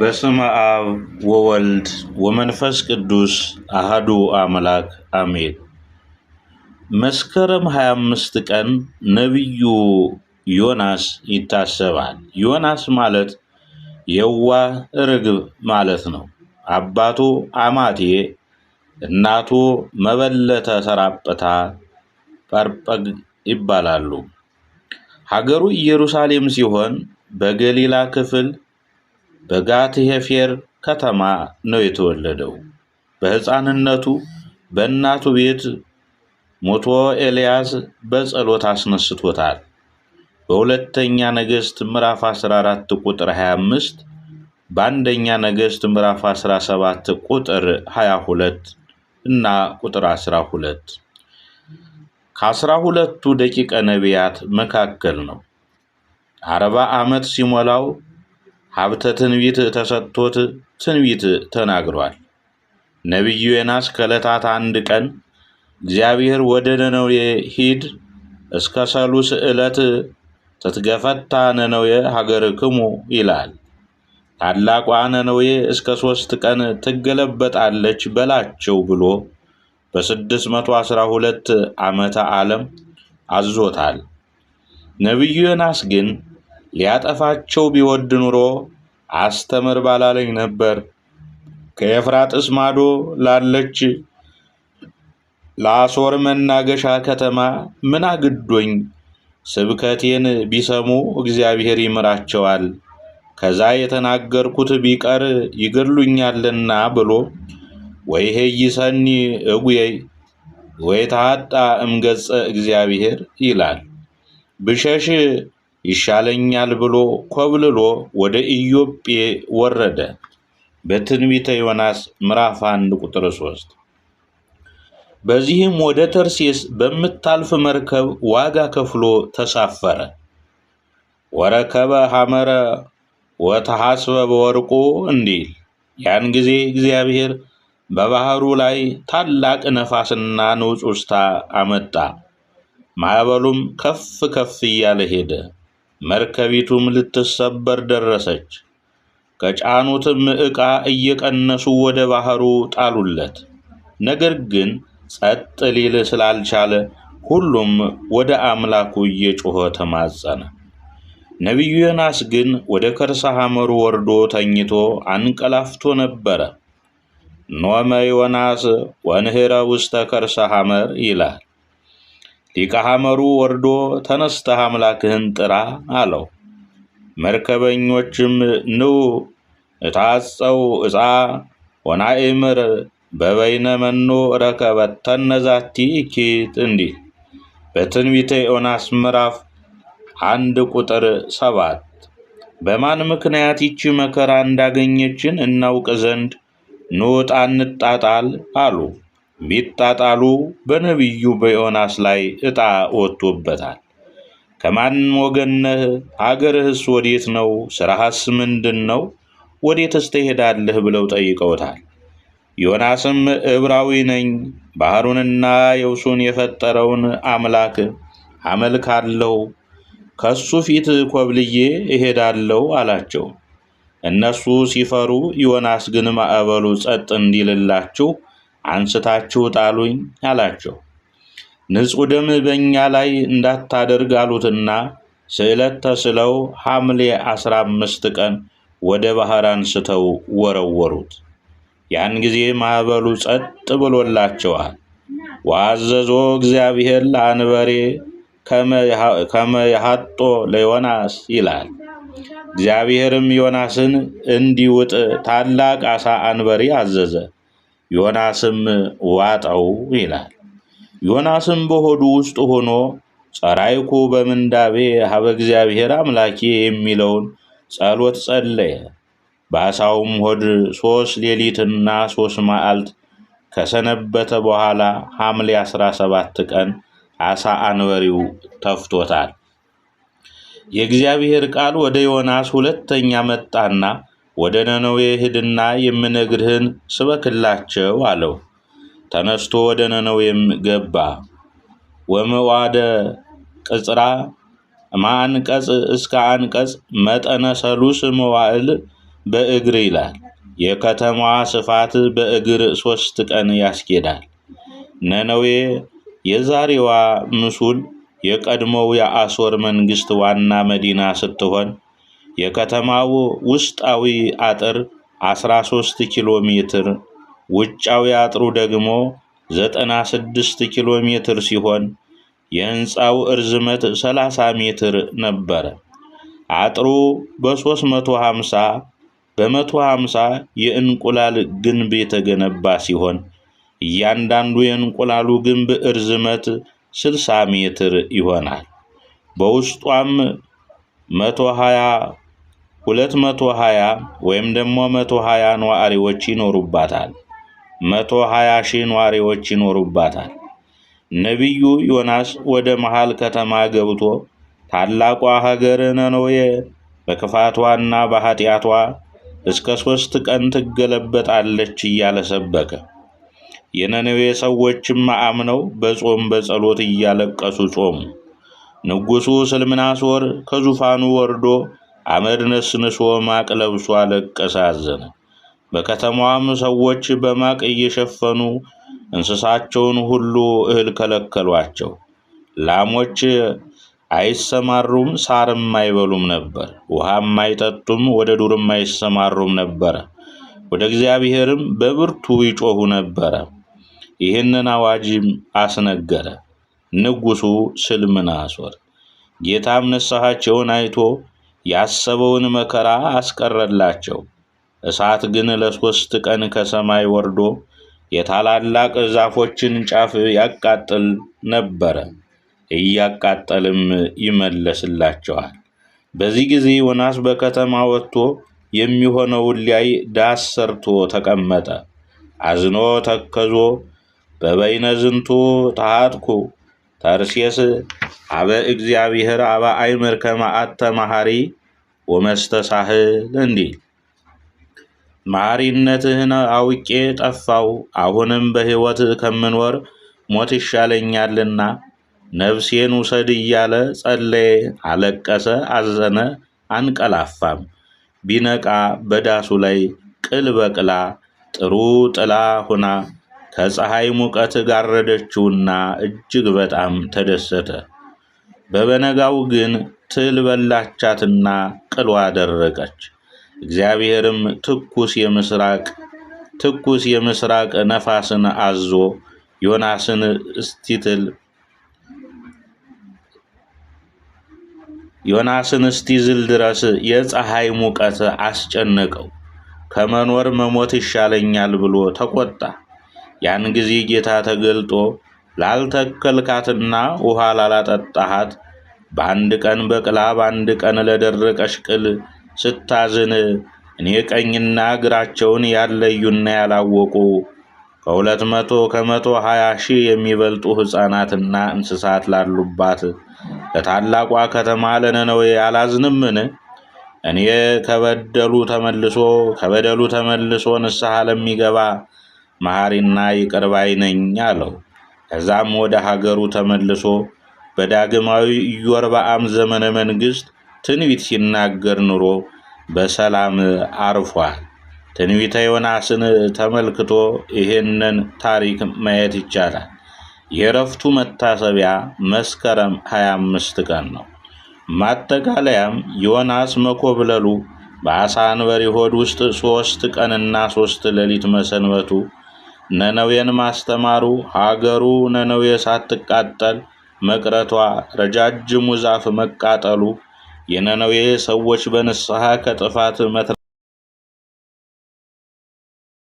በስመ አብ ወወልድ ወመንፈስ ቅዱስ አህዱ አምላክ አሜን። መስከረም 25 ቀን ነቢዩ ዮናስ ይታሰባል። ዮናስ ማለት የዋ ርግብ ማለት ነው። አባቱ አማቴ፣ እናቱ መበለተ ሰራጵታ ጳርጳግ ይባላሉ። ሀገሩ ኢየሩሳሌም ሲሆን በገሊላ ክፍል በጋትሄፌር ከተማ ነው የተወለደው። በሕፃንነቱ በእናቱ ቤት ሞቶ ኤልያስ በጸሎት አስነስቶታል። በሁለተኛ ነገሥት ምዕራፍ 14 ቁጥር 25፣ በአንደኛ ነገሥት ምዕራፍ 17 ቁጥር 22 እና ቁጥር 12 ከአስራ ሁለቱ ደቂቀ ነቢያት መካከል ነው። አርባ ዓመት ሲሞላው ሀብተ ትንቢት ተሰጥቶት ትንቢት ተናግሯል። ነቢዩ ዮናስ ከዕለታት አንድ ቀን እግዚአብሔር ወደ ነነዌ ሂድ፣ እስከ ሰሉስ ዕለት ትትገፈታ ነነዌ ክሙ ይላል። ታላቋ ነነዌ እስከ ሦስት ቀን ትገለበጣለች በላቸው ብሎ በ612 ዓመተ ዓለም አዞታል። ነቢዩ ዮናስ ግን ሊያጠፋቸው ቢወድ ኑሮ አስተምር ባላለኝ ነበር። ከኤፍራጥስ ማዶ ላለች ለአሦር መናገሻ ከተማ ምን አግዶኝ? ስብከቴን ቢሰሙ እግዚአብሔር ይምራቸዋል፣ ከዛ የተናገርኩት ቢቀር ይገድሉኛልና ብሎ ይሰኒ እጉየይ ወይ ታጣ እምገጸ እግዚአብሔር ይላል ብሸሽ ይሻለኛል ብሎ ኮብልሎ ወደ ኢዮጴ ወረደ። በትንቢተ ዮናስ ምዕራፍ 1 ቁጥር 3። በዚህም ወደ ተርሴስ በምታልፍ መርከብ ዋጋ ከፍሎ ተሳፈረ። ወረከበ ሐመረ ወተሐስበ በወርቁ እንዲል። ያን ጊዜ እግዚአብሔር በባህሩ ላይ ታላቅ ነፋስና ንውጽውጽታ አመጣ። ማዕበሉም ከፍ ከፍ እያለ ሄደ። መርከቢቱም ልትሰበር ደረሰች። ከጫኑትም ዕቃ እየቀነሱ ወደ ባህሩ ጣሉለት። ነገር ግን ጸጥ ሊል ስላልቻለ ሁሉም ወደ አምላኩ እየጮኸ ተማጸነ። ነቢዩ ዮናስ ግን ወደ ከርሰ ሐመሩ ወርዶ ተኝቶ አንቀላፍቶ ነበረ። ኖመ ዮናስ ወንህረ ውስተ ከርሰ ሐመር ይላል። ሊቀ ሐመሩ ወርዶ ተነስተህ አምላክህን ጥራ አለው። መርከበኞችም ኑ እታጸው እፃ ወናእምር በበይነ መኖ ረከበተነ ተነዛቲ ኪት እንዲህ በትንቢተ ዮናስ ምዕራፍ አንድ ቁጥር ሰባት በማን ምክንያት ይቺ መከራ እንዳገኘችን እናውቅ ዘንድ ኑ እንጣጣል አሉ። ቢጣጣሉ በነቢዩ በዮናስ ላይ ዕጣ ወጥቶበታል። ከማን ወገን ነህ? አገርህስ ወዴት ነው? ሥራህስ ምንድን ነው? ወዴትስ ትሄዳለህ? ብለው ጠይቀውታል። ዮናስም ዕብራዊ ነኝ፣ ባሕሩንና የብሱን የፈጠረውን አምላክ አመልካለሁ፣ ከሱ ፊት ኮብልዬ እሄዳለሁ አላቸው። እነሱ ሲፈሩ፣ ዮናስ ግን ማዕበሉ ጸጥ እንዲልላችሁ አንስታችሁ ጣሉኝ አላቸው። ንጹሕ ደም በእኛ ላይ እንዳታደርግ አሉትና ስዕለት ተስለው ሐምሌ አስራ አምስት ቀን ወደ ባህር አንስተው ወረወሩት። ያን ጊዜ ማዕበሉ ጸጥ ብሎላቸዋል። ወአዘዞ እግዚአብሔር ለአንበሬ ከመ የሐጦ ለዮናስ ይላል። እግዚአብሔርም ዮናስን እንዲውጥ ታላቅ አሳ አንበሪ አዘዘ። ዮናስም ዋጠው ይላል። ዮናስም በሆዱ ውስጥ ሆኖ ጸራይኩ በምንዳቤ ሀበ እግዚአብሔር አምላኬ የሚለውን ጸሎት ጸለየ። በአሳውም ሆድ ሶስት ሌሊትና ሶስት መዓልት ከሰነበተ በኋላ ሐምሌ 17 ቀን አሳ አንበሪው ተፍቶታል። የእግዚአብሔር ቃል ወደ ዮናስ ሁለተኛ መጣና ወደ ነነዌ ሂድና የምነግርህን ስበክላቸው አለው። ተነስቶ ወደ ነነዌም ገባ። ወመዋደ ቅጽራ ማአንቀጽ እስከ አንቀጽ መጠነ ሰሉስ መዋዕል በእግር ይላል። የከተማዋ ስፋት በእግር ሶስት ቀን ያስኬዳል። ነነዌ የዛሬዋ ምሱል የቀድሞው የአሦር መንግሥት ዋና መዲና ስትሆን የከተማው ውስጣዊ አጥር 13 ኪሎ ሜትር፣ ውጫዊ አጥሩ ደግሞ 96 ኪሎ ሜትር ሲሆን የሕንፃው እርዝመት 30 ሜትር ነበረ። አጥሩ በ350 በ150 የእንቁላል ግንብ የተገነባ ሲሆን እያንዳንዱ የእንቁላሉ ግንብ እርዝመት 60 ሜትር ይሆናል። በውስጧም 120 ሁለት መቶ ሀያ ወይም ደግሞ መቶ ሀያ ነዋሪዎች ይኖሩባታል። መቶ ሀያ ሺህ ነዋሪዎች ይኖሩባታል። ነቢዩ ዮናስ ወደ መሃል ከተማ ገብቶ ታላቋ ሀገር ነነዌ በክፋቷና በኃጢአቷ እስከ ሦስት ቀን ትገለበጣለች እያለ ሰበከ። የነነዌ ሰዎችም አምነው በጾም በጸሎት እያለቀሱ ጾሙ። ንጉሡ ወር ከዙፋኑ ወርዶ አመድ ነስንሶ ማቅ ለብሶ አለቀሰ፣ አዘነ። በከተማዋም ሰዎች በማቅ እየሸፈኑ እንስሳቸውን ሁሉ እህል ከለከሏቸው። ላሞች አይሰማሩም፣ ሳርም አይበሉም ነበር፣ ውሃም አይጠጡም፣ ወደ ዱርም አይሰማሩም ነበረ። ወደ እግዚአብሔርም በብርቱ ይጮኹ ነበረ። ይህንን አዋጅም አስነገረ ንጉሡ ስልምናሶር። ጌታም ንስሐቸውን አይቶ ያሰበውን መከራ አስቀረላቸው። እሳት ግን ለሦስት ቀን ከሰማይ ወርዶ የታላላቅ ዛፎችን ጫፍ ያቃጥል ነበረ፣ እያቃጠልም ይመለስላቸዋል። በዚህ ጊዜ ዮናስ በከተማ ወጥቶ የሚሆነውን ሊያይ ዳስ ሰርቶ ተቀመጠ። አዝኖ ተከዞ በበይነ ዝንቱ ታጥኩ ተርሴስ አበ እግዚአብሔር አበ አይምር ከማአተ መሐሪ ወመስተሳህል እንዲል መሐሪነትህን አውቄ ጠፋው፣ አሁንም በሕይወት ከምኖር ሞት ይሻለኛልና ነፍሴን ውሰድ እያለ ጸለየ፣ አለቀሰ፣ አዘነ፣ አንቀላፋም። ቢነቃ በዳሱ ላይ ቅል በቅላ ጥሩ ጥላ ሁና ከፀሐይ ሙቀት ጋረደችውና እጅግ በጣም ተደሰተ። በበነጋው ግን ትል በላቻትና ቅሏ ደረቀች። እግዚአብሔርም ትኩስ የምስራቅ ትኩስ የምስራቅ ነፋስን አዞ ዮናስን እስቲትል ዮናስን እስቲዝል ድረስ የፀሐይ ሙቀት አስጨነቀው። ከመኖር መሞት ይሻለኛል ብሎ ተቆጣ። ያን ጊዜ ጌታ ተገልጦ ላልተከልካትና ውሃ ላላጠጣሃት በአንድ ቀን በቅላ በአንድ ቀን ለደረቀሽ ቅል ስታዝን እኔ ቀኝና እግራቸውን ያለዩና ያላወቁ ከሁለት መቶ ከመቶ ሀያ ሺህ የሚበልጡ ሕፃናትና እንስሳት ላሉባት ለታላቋ ከተማ ለነነዌ አላዝንምን? እኔ ከበደሉ ተመልሶ ከበደሉ ተመልሶ ንስሐ ለሚገባ መሐሪና ይቅር ባይ ነኝ አለው። ከዛም ወደ ሀገሩ ተመልሶ በዳግማዊ ኢዮርብዓም ዘመነ መንግሥት ትንቢት ሲናገር ኑሮ በሰላም አርፏል። ትንቢተ ዮናስን ተመልክቶ ይህንን ታሪክ ማየት ይቻላል። የእረፍቱ መታሰቢያ መስከረም 25 ቀን ነው። ማጠቃለያም ዮናስ መኮብለሉ፣ በአሳ አንበሪ ሆድ ውስጥ ሦስት ቀንና ሦስት ሌሊት መሰንበቱ ነነዌን ማስተማሩ ሀገሩ ነነዌ ሳትቃጠል መቅረቷ ረጃጅሙ ዛፍ መቃጠሉ የነነዌ ሰዎች በንስሐ ከጥፋት መትረ